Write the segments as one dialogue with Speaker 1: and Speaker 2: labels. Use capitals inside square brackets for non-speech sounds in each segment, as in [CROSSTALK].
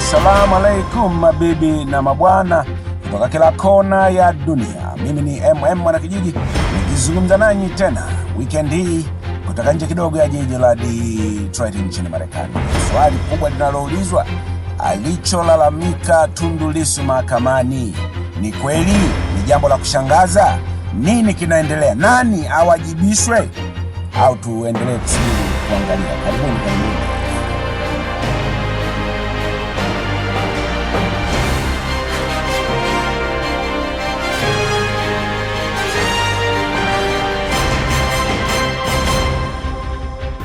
Speaker 1: Assalamu alaikum mabibi na mabwana kutoka kila kona ya dunia. Mimi ni MM Mwanakijiji nikizungumza nanyi tena weekend hii kutoka nje kidogo ya jiji la Detroit nchini Marekani. Swali kubwa linaloulizwa alicholalamika Tundu mahakamani ni kweli? Ni jambo la kushangaza? Nini kinaendelea? Nani awajibishwe? Au tuendelee kusubiri kuangalia? Karibuni.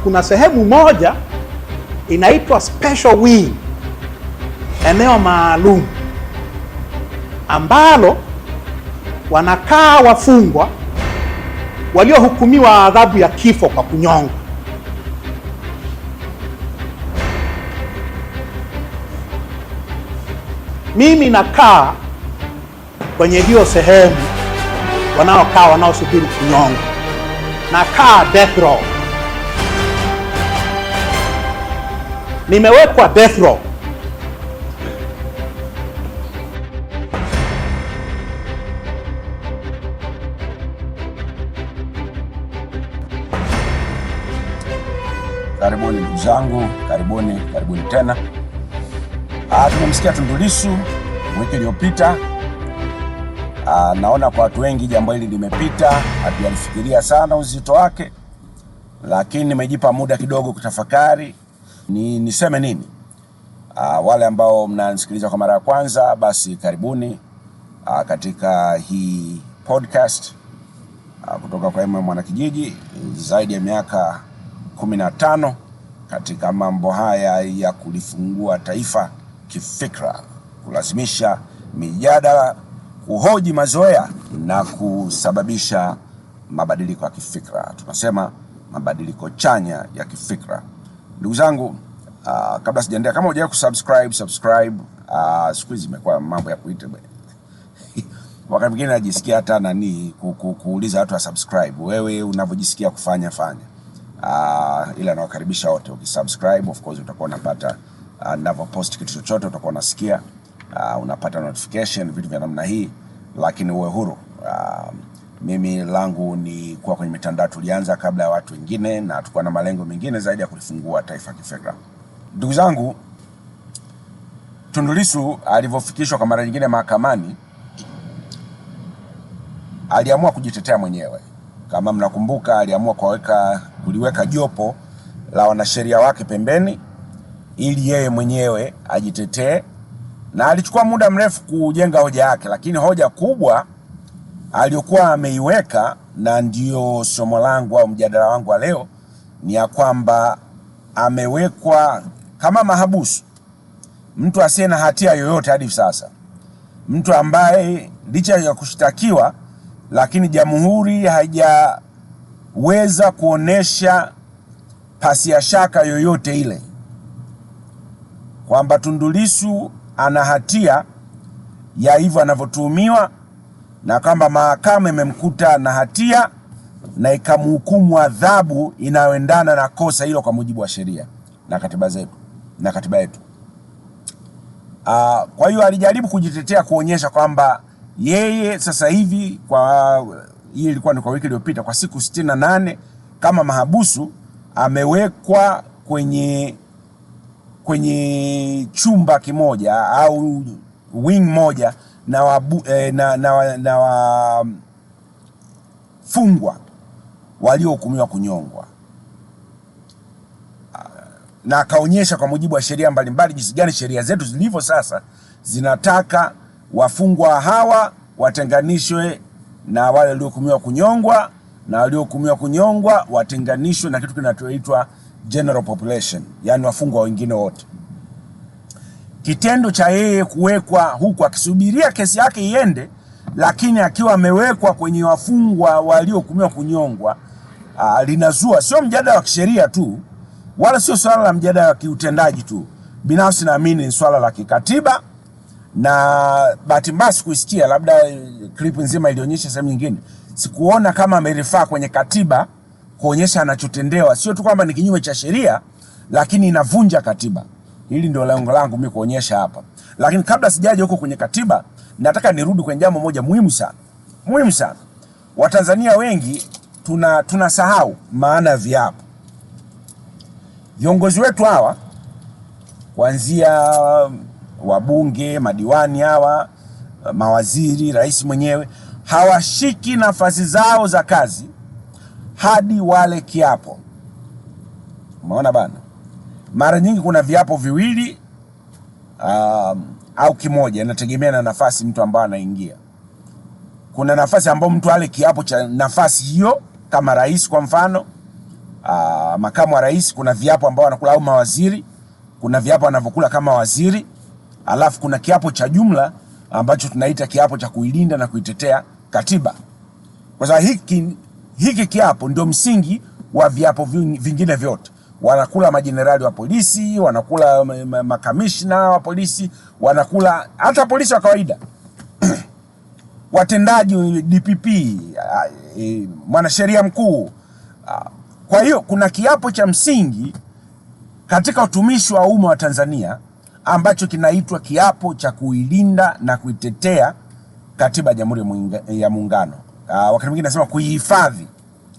Speaker 2: kuna sehemu moja inaitwa special wing, eneo maalum ambalo wanakaa wafungwa waliohukumiwa adhabu ya kifo kwa kunyongwa. Mimi nakaa kwenye hiyo sehemu wanaokaa wanaosubiri kunyongwa, nakaa death row. nimewekwa death row.
Speaker 1: Karibuni ndugu zangu, karibuni, karibuni tena. Ah, tumemsikia Tundu Lissu wiki iliyopita. Ah, naona kwa watu wengi jambo hili limepita, hatujalifikiria sana uzito wake, lakini nimejipa muda kidogo kutafakari ni niseme nini? Aa, ah, wale ambao mnanisikiliza kwa mara ya kwanza basi karibuni aa, ah, katika hii podcast aa, ah, kutoka kwa mwana Mwanakijiji, zaidi ya miaka kumi na tano katika mambo haya ya kulifungua taifa kifikra, kulazimisha mijadala, kuhoji mazoea na kusababisha mabadiliko ya kifikra. Tunasema mabadiliko chanya ya kifikra. Ndugu zangu, uh, kabla sijaendea kama hujawahi kusubscribe subscribe. Uh, siku hizi imekuwa mambo ya kuita [LAUGHS] wakati mwingine najisikia hata nani kuuliza watu wa subscribe. Wewe unavyojisikia kufanya fanya, uh, ila nawakaribisha wote. Ukisubscribe of course utakuwa unapata uh, ninapopost kitu chochote utakuwa unasikia, uh, unapata notification vitu vya namna hii, lakini uwe huru uh, mimi langu ni kuwa kwenye mitandao, tulianza kabla ya watu wengine na tulikuwa na malengo mengine zaidi ya kulifungua taifa kifedha. Ndugu zangu, tundulisu alivyofikishwa kwa mara nyingine mahakamani aliamua kujitetea mwenyewe. Kama mnakumbuka, aliamua kuweka kuliweka jopo la wanasheria wake pembeni ili yeye mwenyewe ajitetee, na alichukua muda mrefu kujenga hoja yake, lakini hoja kubwa aliyokuwa ameiweka, na ndiyo somo langu au mjadala wangu wa leo, ni ya kwamba amewekwa kama mahabusu mtu asiye na hatia yoyote hadi sasa, mtu ambaye licha ya kushtakiwa, lakini jamhuri haijaweza kuonesha pasi ya shaka yoyote ile kwamba tundulisu ana hatia ya hivyo anavyotuhumiwa na kwamba mahakama imemkuta na hatia na ikamhukumu adhabu inayoendana na kosa hilo kwa mujibu wa sheria na katiba zetu na katiba yetu. Aa, ah, kwa hiyo alijaribu kujitetea kuonyesha kwamba yeye sasa hivi kwa hii ilikuwa ni kwa wiki iliyopita, kwa siku sitini na nane kama mahabusu amewekwa kwenye kwenye chumba kimoja au wing moja na wafungwa eh, na, na, na wa, mm, waliohukumiwa kunyongwa ah, na akaonyesha kwa mujibu wa sheria mbalimbali jinsi gani sheria zetu zilivyo sasa zinataka wafungwa hawa watenganishwe na wale waliohukumiwa kunyongwa na waliohukumiwa kunyongwa watenganishwe na kitu kinachoitwa general population, yani wafungwa wengine wote. Kitendo cha yeye kuwekwa huku akisubiria kesi yake iende, lakini akiwa amewekwa kwenye wafungwa waliohukumiwa kunyongwa aa, ah, linazua sio mjadala wa kisheria tu, wala sio swala la mjadala wa kiutendaji tu. Binafsi naamini ni swala la kikatiba, na bahati mbaya sikuisikia, labda klipu nzima ilionyesha sehemu nyingine, sikuona kama amerifaa kwenye katiba kuonyesha anachotendewa sio tu kwamba ni kinyume cha sheria, lakini inavunja katiba. Hili ndio lengo langu mimi kuonyesha hapa, lakini kabla sijaje huko kwenye katiba, nataka nirudi kwenye jambo moja muhimu sana, muhimu sana. Watanzania wengi tuna tunasahau maana ya viapo. Viongozi wetu hawa kuanzia wabunge, madiwani hawa, mawaziri, rais mwenyewe hawashiki nafasi zao za kazi hadi wale kiapo. Umeona bana? Mara nyingi kuna viapo viwili um, au kimoja, inategemea na nafasi mtu ambaye anaingia. Kuna nafasi ambayo mtu ale kiapo cha nafasi hiyo, kama rais kwa mfano uh, makamu wa rais, kuna viapo ambao anakula au mawaziri, kuna viapo anavyokula kama waziri, alafu kuna kiapo cha jumla ambacho tunaita kiapo cha kuilinda na kuitetea katiba. Kwa sababu hiki hiki kiapo ndio msingi wa viapo vingine vyote wanakula majenerali wa polisi, wanakula makamishna wa polisi, wanakula hata polisi wa kawaida [CLEARS THROAT] watendaji DPP, eh, eh, mwanasheria mkuu. Ah, kwa hiyo kuna kiapo cha msingi katika utumishi wa umma wa Tanzania ambacho kinaitwa kiapo cha kuilinda na kuitetea katiba ya Jamhuri ya Muungano. Ah, wakati mwingine nasema kuihifadhi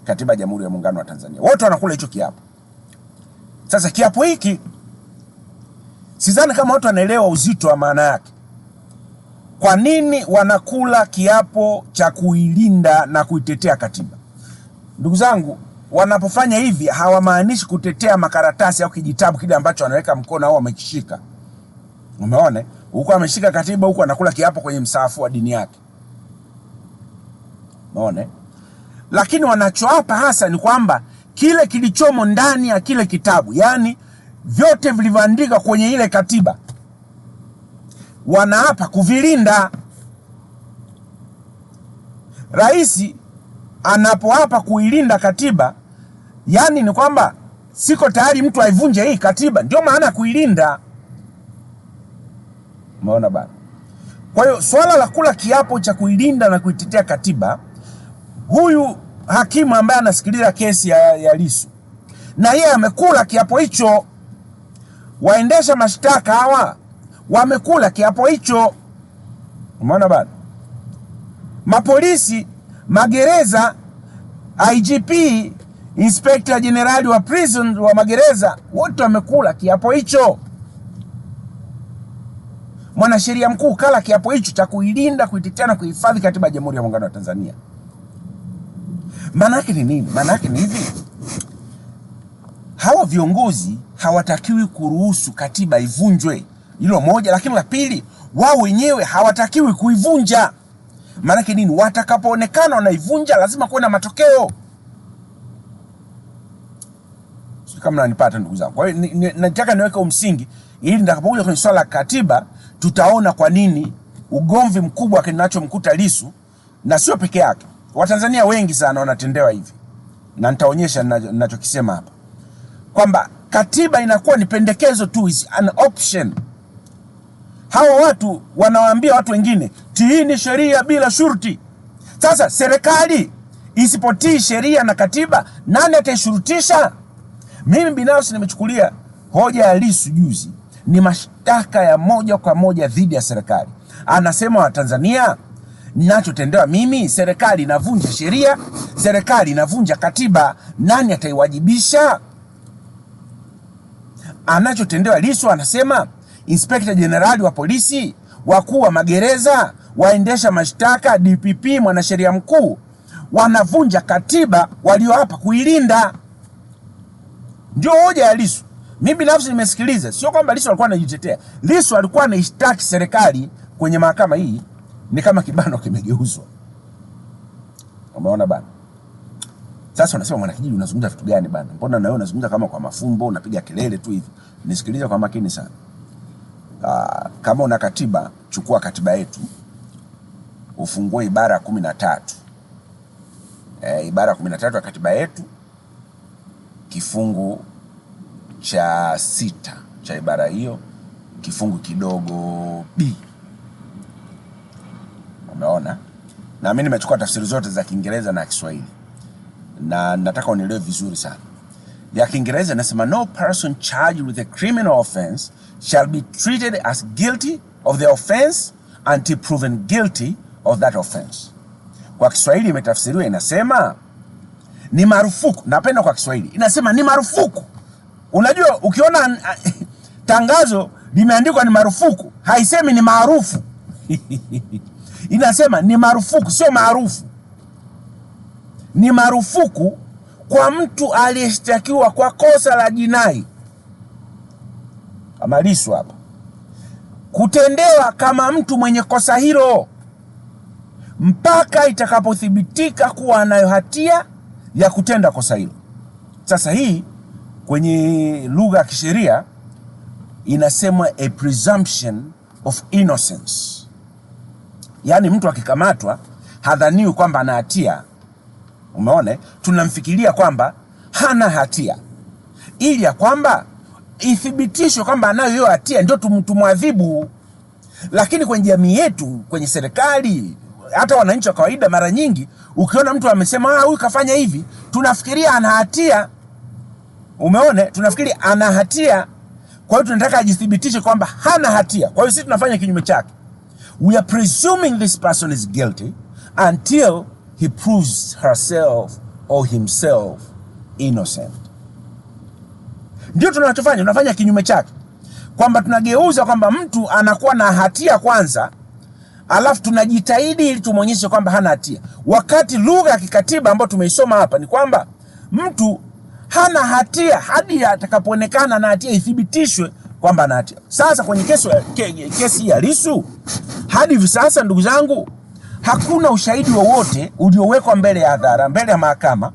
Speaker 1: katiba ya Jamhuri ya Muungano wa Tanzania. Wote wanakula hicho kiapo. Sasa kiapo hiki sidhani kama watu wanaelewa uzito wa maana yake. Kwa nini wanakula kiapo cha kuilinda na kuitetea katiba? Ndugu zangu, wanapofanya hivi hawamaanishi kutetea makaratasi au kijitabu kile ambacho wanaweka mkono au wamekishika. Umeona, huko ameshika katiba, huko anakula kiapo kwenye msaafu wa dini yake. Umeona, lakini wanachoapa hasa ni kwamba kile kilichomo ndani ya kile kitabu, yaani vyote vilivyoandika kwenye ile katiba, wanaapa kuvilinda. Rais anapoapa kuilinda katiba, yaani ni kwamba siko tayari mtu aivunje hii katiba, ndio maana kuilinda. Umeona bana? Kwa hiyo swala la kula kiapo cha kuilinda na kuitetea katiba, huyu hakimu ambaye anasikiliza kesi ya, ya Lissu na yeye amekula kiapo hicho. Waendesha mashtaka hawa wamekula kiapo hicho, umeona bana, mapolisi, magereza, IGP, Inspector jenerali wa prison wa magereza, wote wamekula kiapo hicho. Mwanasheria mkuu kala kiapo hicho cha kuilinda, kuitetea na kuhifadhi katiba ya Jamhuri ya Muungano wa Tanzania. Maana yake ni nini? Maana yake ni hivi, hawa viongozi hawatakiwi kuruhusu katiba ivunjwe, hilo moja. Lakini la pili, wao wenyewe hawatakiwi kuivunja. Maana yake nini? Watakapoonekana wanaivunja, lazima kuwe na matokeo. Sio kama nanipata, ndugu zangu. Kwa hiyo nataka niweke msingi ili nitakapokuja kwenye swala la katiba tutaona kwa nini ugomvi mkubwa kinachomkuta Lissu na sio peke yake. Watanzania wengi sana wanatendewa hivi, na nitaonyesha ninachokisema hapa kwamba katiba inakuwa ni pendekezo tu, is an option. Hawa watu wanawaambia watu wengine tiini sheria bila shurti. Sasa serikali isipotii sheria na katiba, nani ataishurutisha? Mimi binafsi nimechukulia hoja ya lisu juzi ni mashtaka ya moja kwa moja dhidi ya serikali. Anasema Watanzania ninachotendewa mimi, serikali inavunja sheria, serikali inavunja katiba, nani ataiwajibisha? Anachotendewa Lissu, anasema inspekta jenerali wa polisi, wakuu wa magereza, waendesha mashtaka, DPP, mwanasheria mkuu, wanavunja katiba walioapa kuilinda. Ndio hoja ya lisu Mi binafsi nimesikiliza, sio kwamba lisu alikuwa anajitetea. lisu alikuwa anaishtaki serikali kwenye mahakama hii ni kama kibano kimegeuzwa. Umeona bana? Sasa unasema mwanakijiji unazungumza vitu gani bana? Mbona na wewe unazungumza kama kwa mafumbo, unapiga kelele tu hivi? Nisikilize kwa makini sana. Aa, ah, kama una katiba, chukua katiba yetu ufungue ibara ya kumi na tatu e, eh, ibara ya kumi na tatu ya katiba yetu kifungu cha sita cha ibara hiyo kifungu kidogo b umeona. Na mimi nimechukua tafsiri zote za Kiingereza na Kiswahili, na nataka unielewe vizuri sana. Ya Kiingereza inasema no person charged with a criminal offense shall be treated as guilty of the offense until proven guilty of that offense. Kwa Kiswahili imetafsiriwa inasema ni marufuku. Napenda kwa Kiswahili inasema ni marufuku. Unajua, ukiona [LAUGHS] tangazo limeandikwa ni marufuku, haisemi ni maarufu [LAUGHS] inasema ni marufuku, sio maarufu, ni marufuku kwa mtu aliyeshtakiwa kwa kosa la jinai kama Lissu hapa kutendewa kama mtu mwenye kosa hilo mpaka itakapothibitika kuwa anayo hatia ya kutenda kosa hilo. Sasa hii kwenye lugha ya kisheria inasemwa a presumption of innocence. Yaani mtu akikamatwa hadhaniwi kwamba ana hatia, umeone tunamfikiria kwamba hana hatia, ili ya kwamba ithibitishwe kwamba anayo hiyo hatia, ndio tumwadhibu. Lakini kwenye jamii yetu, kwenye serikali, hata wananchi wa kawaida, mara nyingi ukiona mtu amesema ah, huyu kafanya hivi, tunafikiria ana hatia, umeone, tunafikiri ana hatia. Kwa hiyo tunataka ajithibitishe kwamba hana hatia, kwa hiyo sisi tunafanya kinyume chake. We are presuming this person is guilty until he proves herself or himself innocent. Ndio tunachofanya, tunafanya kinyume chake, kwamba tunageuza kwamba mtu anakuwa na hatia kwanza, alafu tunajitahidi ili tumwonyeshe kwamba hana hatia, wakati lugha ya kikatiba ambayo tumeisoma hapa ni kwamba mtu hana hatia hadi atakapoonekana na hatia ithibitishwe kwamba ana Sasa kwenye kesi ke, kesi ya Lissu hadi hivi sasa, ndugu zangu, hakuna ushahidi wowote uliowekwa mbele ya hadhara, mbele ya mahakama